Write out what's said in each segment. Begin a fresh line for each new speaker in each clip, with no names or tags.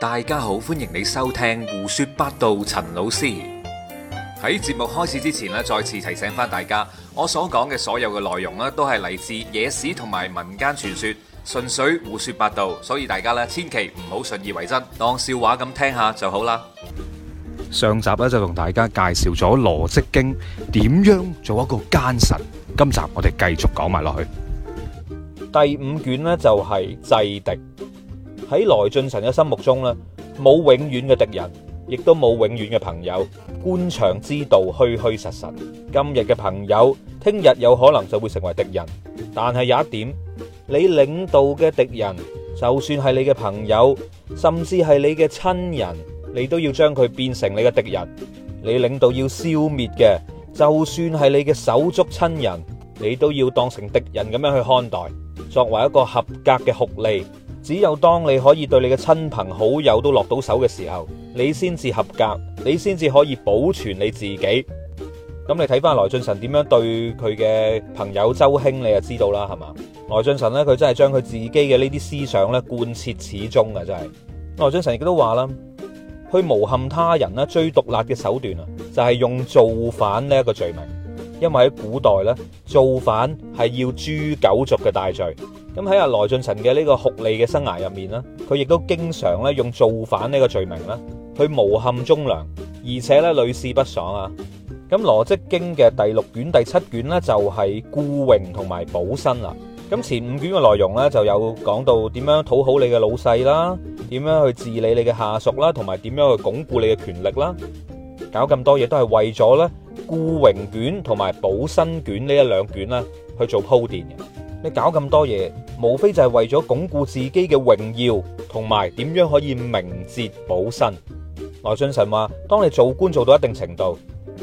大家好，歡迎你收聽胡說八道。陳老師喺節目開始之前咧，再次提醒翻大家，我所講嘅所有嘅內容咧，都係嚟自野史同埋民間傳說，純粹胡說八道，所以大家咧千祈唔好信以為真，當笑話咁聽下就好啦。上集咧就同大家介紹咗《羅織經》，點樣做一個奸臣。今集我哋繼續講埋落去，第五卷呢，就係制敵。喺來俊臣嘅心目中咧，冇永遠嘅敵人，亦都冇永遠嘅朋友。官場之道虛虛實實，今日嘅朋友，聽日有可能就會成為敵人。但係有一點，你領導嘅敵人，就算係你嘅朋友，甚至係你嘅親人，你都要將佢變成你嘅敵人。你領導要消滅嘅，就算係你嘅手足親人，你都要當成敵人咁樣去看待。作為一個合格嘅酷吏，只有當你可以對你嘅親朋好友都落到手嘅時候，你先至合格，你先至可以保存你自己。咁你睇翻來俊臣點樣對佢嘅朋友周興，你就知道啦，係嘛？來俊臣咧，佢真係將佢自己嘅呢啲思想咧貫徹始終嘅啊，真係。來俊臣亦都話啦，去誣陷他人咧最毒辣嘅手段啊，就係用造反呢一個罪名。因為喺古代咧，造反係要誅九族嘅大罪。咁喺阿羅俊臣嘅呢個酷吏嘅生涯入面咧，佢亦都經常咧用造反呢個罪名咧去誣陷忠良，而且咧屢試不爽啊。咁《羅織經》嘅第六卷，第七卷咧就係顧榮同埋保身啦。咁前五卷嘅內容咧就有講到點樣討好你嘅老細啦，點樣去治理你嘅下屬啦，同埋點樣去鞏固你嘅權力啦。搞咁多嘢都係為咗咧。固榮卷同埋保身卷呢一兩卷咧，去做鋪墊嘅。你搞咁多嘢，無非就係為咗鞏固自己嘅榮耀，同埋點樣可以明哲保身。來俊臣話：當你做官做到一定程度，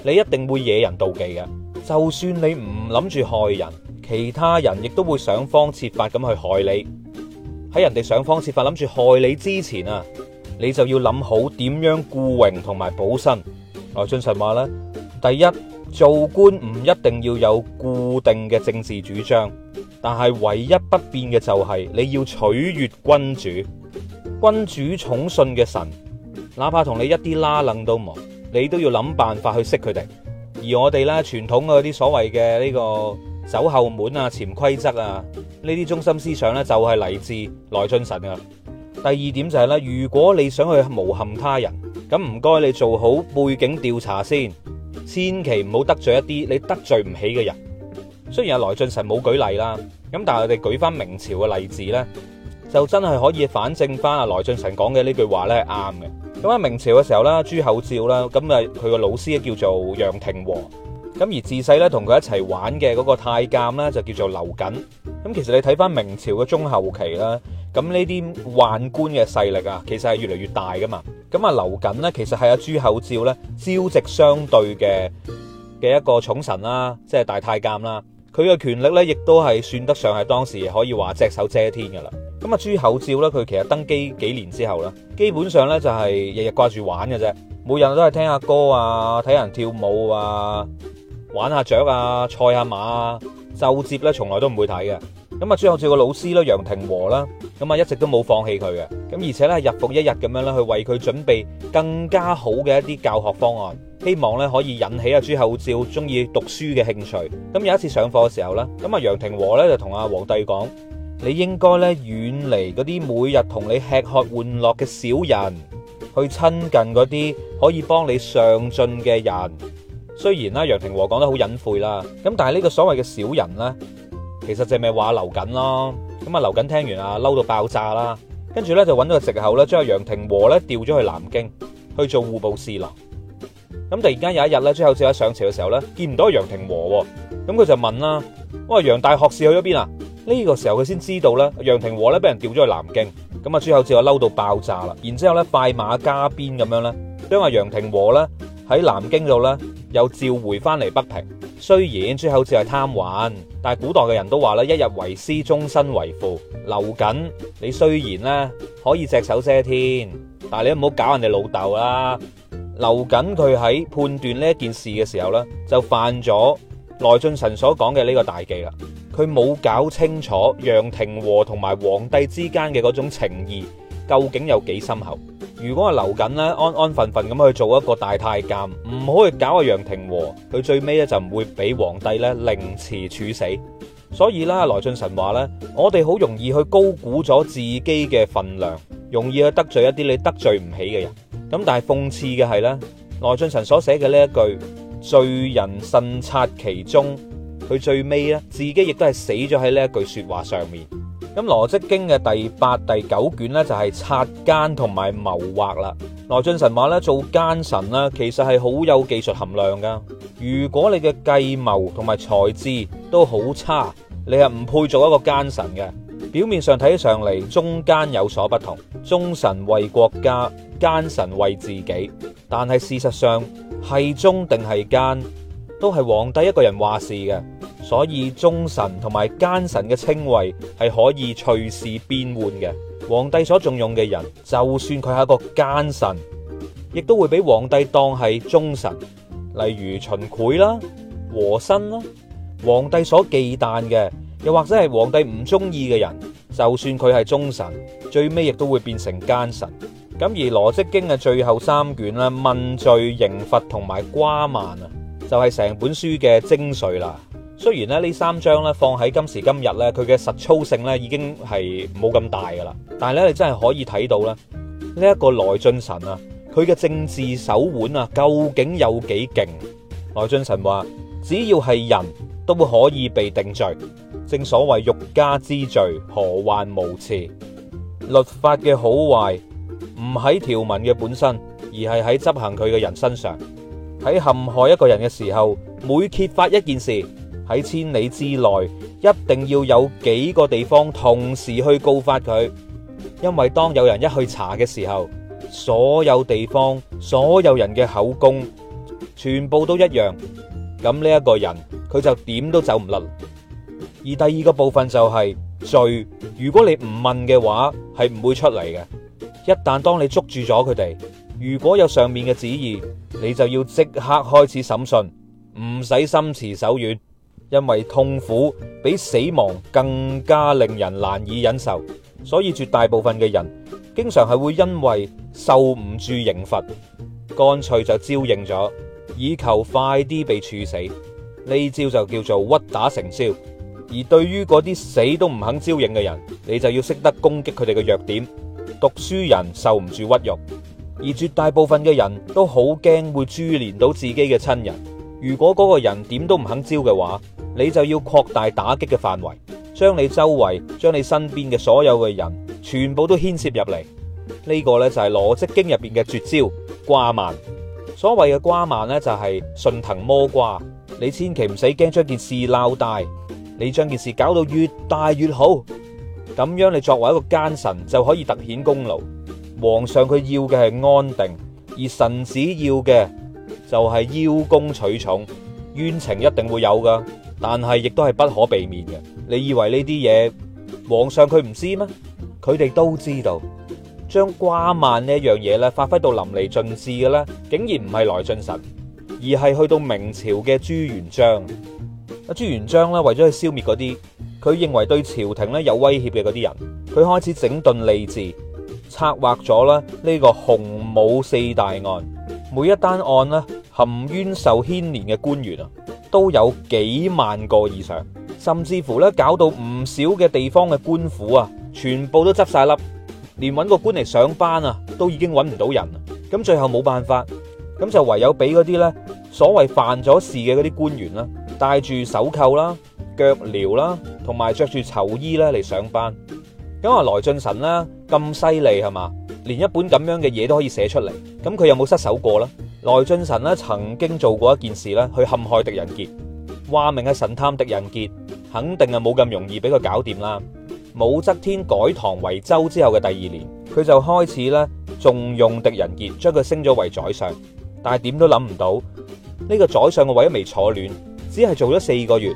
你一定會惹人妒忌嘅。就算你唔諗住害人，其他人亦都會想方設法咁去害你。喺人哋想方設法諗住害你之前啊，你就要諗好點樣固榮同埋保身。來俊臣話咧。第一，做官唔一定要有固定嘅政治主張，但係唯一不變嘅就係你要取悦君主。君主寵信嘅臣，哪怕同你一啲啦楞都冇，你都要諗辦法去識佢哋。而我哋咧傳統嗰啲所謂嘅呢個走後門啊、潛規則啊呢啲中心思想咧，就係、是、嚟自內進神啊。第二點就係、是、咧，如果你想去誣陷他人，咁唔該你做好背景調查先。千祈唔好得罪一啲你得罪唔起嘅人。雖然阿來俊臣冇舉例啦，咁但係我哋舉翻明朝嘅例子呢，就真係可以反證翻阿來俊臣講嘅呢句話呢係啱嘅。咁喺明朝嘅時候啦，朱厚照啦，咁啊佢個老師叫做楊廷和，咁而自細呢，同佢一齊玩嘅嗰個太監呢，就叫做劉瑾。咁其實你睇翻明朝嘅中後期啦，咁呢啲宦官嘅勢力啊，其實係越嚟越大噶嘛。咁啊，劉瑾咧，其實係阿朱厚照咧朝夕相對嘅嘅一個寵臣啦，即係大太監啦。佢嘅權力咧，亦都係算得上係當時可以話隻手遮天噶啦。咁啊，朱厚照咧，佢其實登基幾年之後咧，基本上咧就係日日掛住玩嘅啫，每日都係聽下歌啊，睇人跳舞啊，玩下雀啊，賽下馬啊，奏折咧從來都唔會睇嘅。咁啊，朱厚照個老師咧，楊廷和啦。咁啊，一直都冇放棄佢嘅，咁而且咧日復一日咁樣咧，去為佢準備更加好嘅一啲教學方案，希望咧可以引起阿朱厚照鍾意讀書嘅興趣。咁有一次上課嘅時候咧，咁啊楊廷和咧就同阿皇帝講：，你應該咧遠離嗰啲每日同你吃喝玩樂嘅小人，去親近嗰啲可以幫你上進嘅人。雖然啦，楊廷和講得好隱晦啦，咁但係呢個所謂嘅小人咧，其實就係咪話劉瑾咯？咁啊，劉瑾聽完啊，嬲到爆炸啦！跟住咧就揾到個借口咧，將阿楊廷和咧調咗去南京去做戶部侍郎。咁突然間有一日咧，朱厚照喺上朝嘅時候咧，見唔到楊廷和喎。咁佢就問啦：，哇、哦，楊大學士去咗邊啊？呢、這個時候佢先知道咧，楊廷和咧俾人調咗去南京。咁啊，朱厚照又嬲到爆炸啦！然之後咧，快馬加鞭咁樣咧，將阿楊廷和咧喺南京度咧又召回翻嚟北平。雖然最後只係貪玩，但係古代嘅人都話啦，一日為師，終身為父。劉瑾，你雖然咧可以隻手遮天，但係你唔好搞人哋老豆啦。劉瑾佢喺判斷呢一件事嘅時候呢，就犯咗內進臣所講嘅呢個大忌啦。佢冇搞清楚楊廷和同埋皇帝之間嘅嗰種情誼究竟有幾深厚。如果係劉瑾咧，安安分分咁去做一個大太監，唔好去搞阿楊廷和，佢最尾咧就唔會俾皇帝咧凌遲處死。所以啦，來俊臣話咧，我哋好容易去高估咗自己嘅份量，容易去得罪一啲你得罪唔起嘅人。咁但係諷刺嘅係咧，來俊臣所寫嘅呢一句“罪人慎察其中”，佢最尾咧自己亦都係死咗喺呢一句說話上面。咁《羅織經》嘅第八、第九卷咧，就係察奸同埋謀劃啦。來俊臣話咧，做奸臣啦，其實係好有技術含量噶。如果你嘅計謀同埋才智都好差，你係唔配做一個奸臣嘅。表面上睇起上嚟，忠奸有所不同，忠臣為國家，奸臣為自己。但係事實上，係忠定係奸，都係皇帝一個人話事嘅。所以忠臣同埋奸臣嘅稱謂係可以隨時變換嘅。皇帝所重用嘅人，就算佢係一個奸臣，亦都會俾皇帝當係忠臣。例如秦檜啦、啊、和珅啦、啊。皇帝所忌憚嘅，又或者係皇帝唔中意嘅人，就算佢係忠臣，最尾亦都會變成奸臣。咁而《羅織經》嘅最後三卷啦，問罪、刑罰同埋瓜蔓啊，就係、是、成本書嘅精髓啦。雖然咧，呢三章咧放喺今時今日呢，佢嘅實操性呢已經係冇咁大噶啦。但係咧，你真係可以睇到咧，呢、這、一個內俊臣啊，佢嘅政治手腕啊，究竟有幾勁？內俊臣話：只要係人都可以被定罪，正所謂欲加之罪，何患無辭？律法嘅好壞唔喺條文嘅本身，而係喺執行佢嘅人身上。喺陷害一個人嘅時候，每揭發一件事。喺千里之內，一定要有幾個地方同時去告發佢。因為當有人一去查嘅時候，所有地方所有人嘅口供全部都一樣，咁呢一個人佢就點都走唔甩。而第二個部分就係、是、罪，如果你唔問嘅話係唔會出嚟嘅。一旦當你捉住咗佢哋，如果有上面嘅旨意，你就要即刻開始審訊，唔使心慈手軟。因為痛苦比死亡更加令人難以忍受，所以絕大部分嘅人經常係會因為受唔住刑罰，乾脆就招認咗，以求快啲被處死。呢招就叫做屈打成招。而對於嗰啲死都唔肯招認嘅人，你就要識得攻擊佢哋嘅弱點。讀書人受唔住屈辱，而絕大部分嘅人都好驚會株連到自己嘅親人。如果嗰個人點都唔肯招嘅話，你就要擴大打擊嘅範圍，將你周圍、將你身邊嘅所有嘅人，全部都牽涉入嚟。呢、這個呢、就是，就係《羅織經》入邊嘅絕招瓜蔓。所謂嘅瓜蔓呢，就係順藤摸瓜。你千祈唔使驚將件事鬧大，你將件事搞到越大越好。咁樣你作為一個奸臣就可以凸顯功勞。皇上佢要嘅係安定，而臣子要嘅就係邀功取寵，冤情一定會有㗎。但係亦都係不可避免嘅。你以為呢啲嘢皇上佢唔知咩？佢哋都知道，將瓜蔓呢一樣嘢咧發揮到淋漓盡致嘅咧，竟然唔係來俊臣，而係去到明朝嘅朱元璋。朱元璋咧，為咗去消滅嗰啲佢認為對朝廷咧有威脅嘅嗰啲人，佢開始整頓吏治，策劃咗啦呢個洪武四大案，每一單案咧含冤受牽連嘅官員啊，都有幾萬個以上，甚至乎咧搞到唔少嘅地方嘅官府啊，全部都執晒笠，連搵個官嚟上班啊，都已經搵唔到人。咁最後冇辦法，咁就唯有俾嗰啲咧所謂犯咗事嘅嗰啲官員啦，戴住手銬啦、腳鐐啦，同埋着住囚衣咧嚟上班。咁啊，來俊臣啦咁犀利係嘛，連一本咁樣嘅嘢都可以寫出嚟，咁佢有冇失手過咧？來俊臣咧曾經做過一件事咧，去陷害狄仁傑，話明係神探狄仁傑，肯定係冇咁容易俾佢搞掂啦。武則天改唐為周之後嘅第二年，佢就開始咧重用狄仁傑，將佢升咗為宰相。但係點都諗唔到呢個宰相嘅位都未坐暖，只係做咗四個月，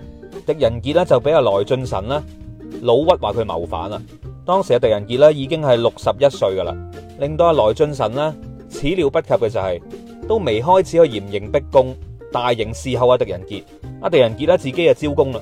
狄仁傑咧就俾阿來俊臣咧老屈話佢謀反啦。當時嘅狄仁傑咧已經係六十一歲噶啦，令到阿來俊臣咧始料不及嘅就係。都未開始去嚴刑逼供，大刑伺候啊！狄仁傑阿狄仁傑咧自己就招供啦。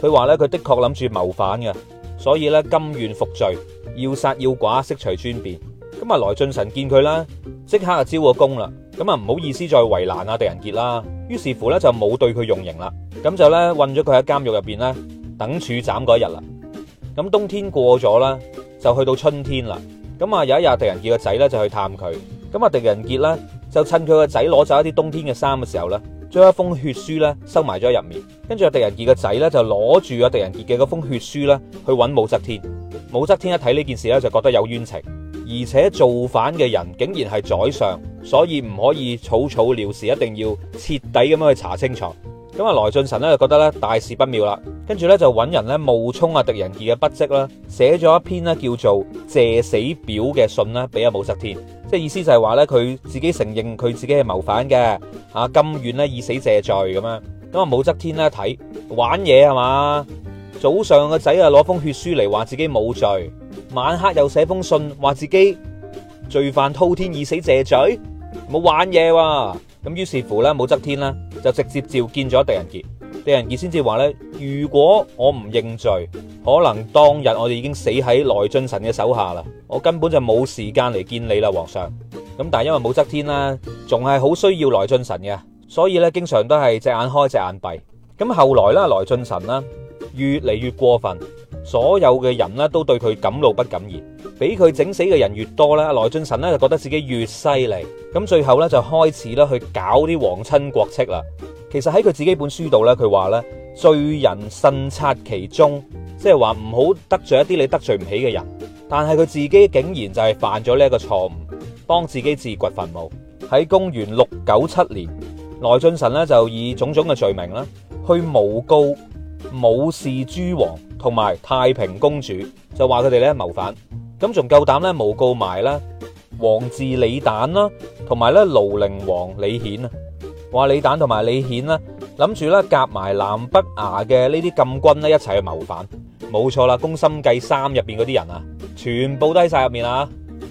佢話咧，佢的確諗住謀反嘅，所以咧甘願服罪，要殺要剮，悉隨尊便。咁啊，來俊臣見佢啦，即刻就招個供啦。咁啊唔好意思再為難阿狄仁傑啦。於是乎咧就冇對佢用刑啦，咁就咧困咗佢喺監獄入邊咧等處斬嗰一日啦。咁冬天過咗啦，就去到春天啦。咁啊有一日狄仁傑個仔咧就去探佢。咁啊！狄仁傑咧就趁佢個仔攞走一啲冬天嘅衫嘅時候咧，將一封血書咧收埋咗入面。跟住阿狄仁傑個仔咧就攞住阿狄仁傑嘅嗰封血書咧去揾武則天。武則天一睇呢件事咧，就覺得有冤情，而且造反嘅人竟然係宰相，所以唔可以草草了事，一定要徹底咁樣去查清楚。咁啊，來俊臣咧就覺得咧大事不妙啦，跟住咧就揾人咧冒充啊狄仁傑嘅筆跡啦，寫咗一篇呢叫做《借死表》嘅信啦，俾阿武則天。即係意思就係話咧，佢自己承認佢自己係謀反嘅，啊甘願咧以死謝罪咁樣。咁啊武則天咧睇玩嘢係嘛？早上個仔啊攞封血書嚟話自己冇罪，晚黑又寫封信話自己罪犯滔天以死謝罪，冇玩嘢喎。咁於是乎咧，武則天呢，就直接召見咗狄仁傑。狄仁傑先至話咧：如果我唔認罪，可能當日我哋已經死喺來俊臣嘅手下啦，我根本就冇時間嚟見你啦，皇上。咁但係因為武則天啦，仲係好需要來俊臣嘅，所以咧經常都係隻眼開隻眼閉。咁後來咧，來俊臣啦，越嚟越過分。所有嘅人咧都對佢敢怒不敢言，俾佢整死嘅人越多咧，來俊臣咧就覺得自己越犀利，咁最後咧就開始啦去搞啲皇親國戚啦。其實喺佢自己本書度咧，佢話咧罪人身察其中，即係話唔好得罪一啲你得罪唔起嘅人。但係佢自己竟然就係犯咗呢一個錯誤，幫自己自掘墳墓。喺公元六九七年，來俊臣咧就以種種嘅罪名啦去誣告。武氏諸王同埋太平公主就話佢哋咧謀反，咁仲夠膽咧誣告埋啦，王志李旦啦，同埋咧廬陵王李顯啊，話李旦同埋李顯咧諗住咧夾埋南北衙嘅呢啲禁軍咧一齊去謀反，冇錯啦，《宮心計三》入邊嗰啲人啊，全部都喺晒入面啊。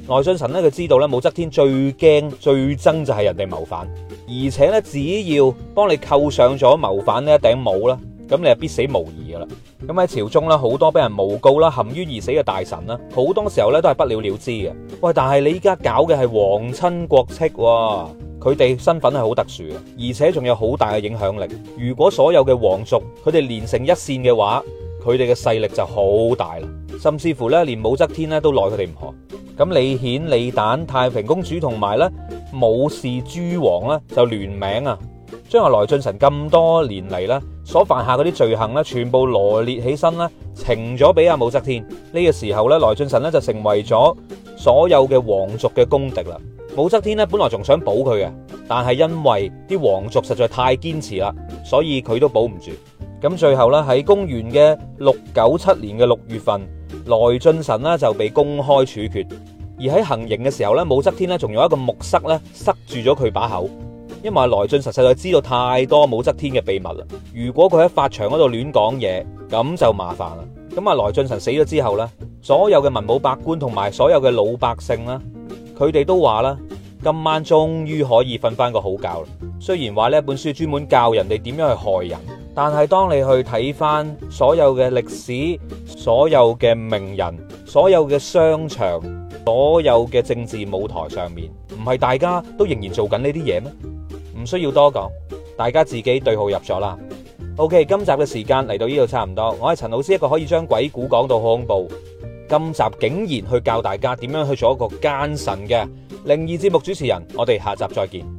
來俊臣咧佢知道咧武則天最驚最憎就係人哋謀反，而且咧只要幫你扣上咗謀反呢一頂帽啦。咁你係必死無疑噶啦！咁、嗯、喺朝中咧，好多俾人誣告啦，含冤而死嘅大臣啦，好多時候咧都係不了了之嘅。喂，但係你依家搞嘅係皇親國戚喎，啊，佢哋身份係好特殊嘅，而且仲有好大嘅影響力。如果所有嘅皇族佢哋連成一線嘅話，佢哋嘅勢力就好大啦。甚至乎咧，連武則天咧都奈佢哋唔何。咁、嗯、李顯、李旦、太平公主同埋咧武氏諸王咧就聯名啊！將阿來俊臣咁多年嚟啦，所犯下嗰啲罪行啦，全部羅列起身啦，呈咗俾阿武則天。呢個時候咧，來俊臣咧就成為咗所有嘅皇族嘅公敵啦。武則天咧本來仲想保佢嘅，但係因為啲皇族實在太堅持啦，所以佢都保唔住。咁最後咧喺公元嘅六九七年嘅六月份，來俊臣呢就被公開處決，而喺行刑嘅時候咧，武則天咧仲用一個木塞咧塞住咗佢把口。因為係來俊臣實在知道太多武則天嘅秘密啦，如果佢喺法場嗰度亂講嘢，咁就麻煩啦。咁啊，來俊臣死咗之後呢，所有嘅文武百官同埋所有嘅老百姓啦，佢哋都話啦，今晚終於可以瞓翻個好覺啦。雖然話呢本書專門教人哋點樣去害人，但係當你去睇翻所有嘅歷史、所有嘅名人、所有嘅商場、所有嘅政治舞台上面，唔係大家都仍然做緊呢啲嘢咩？唔需要多講，大家自己對號入座啦。OK，今集嘅時間嚟到呢度差唔多，我係陳老師，一個可以將鬼故講到好恐怖，今集竟然去教大家點樣去做一個奸臣嘅靈異節目主持人，我哋下集再見。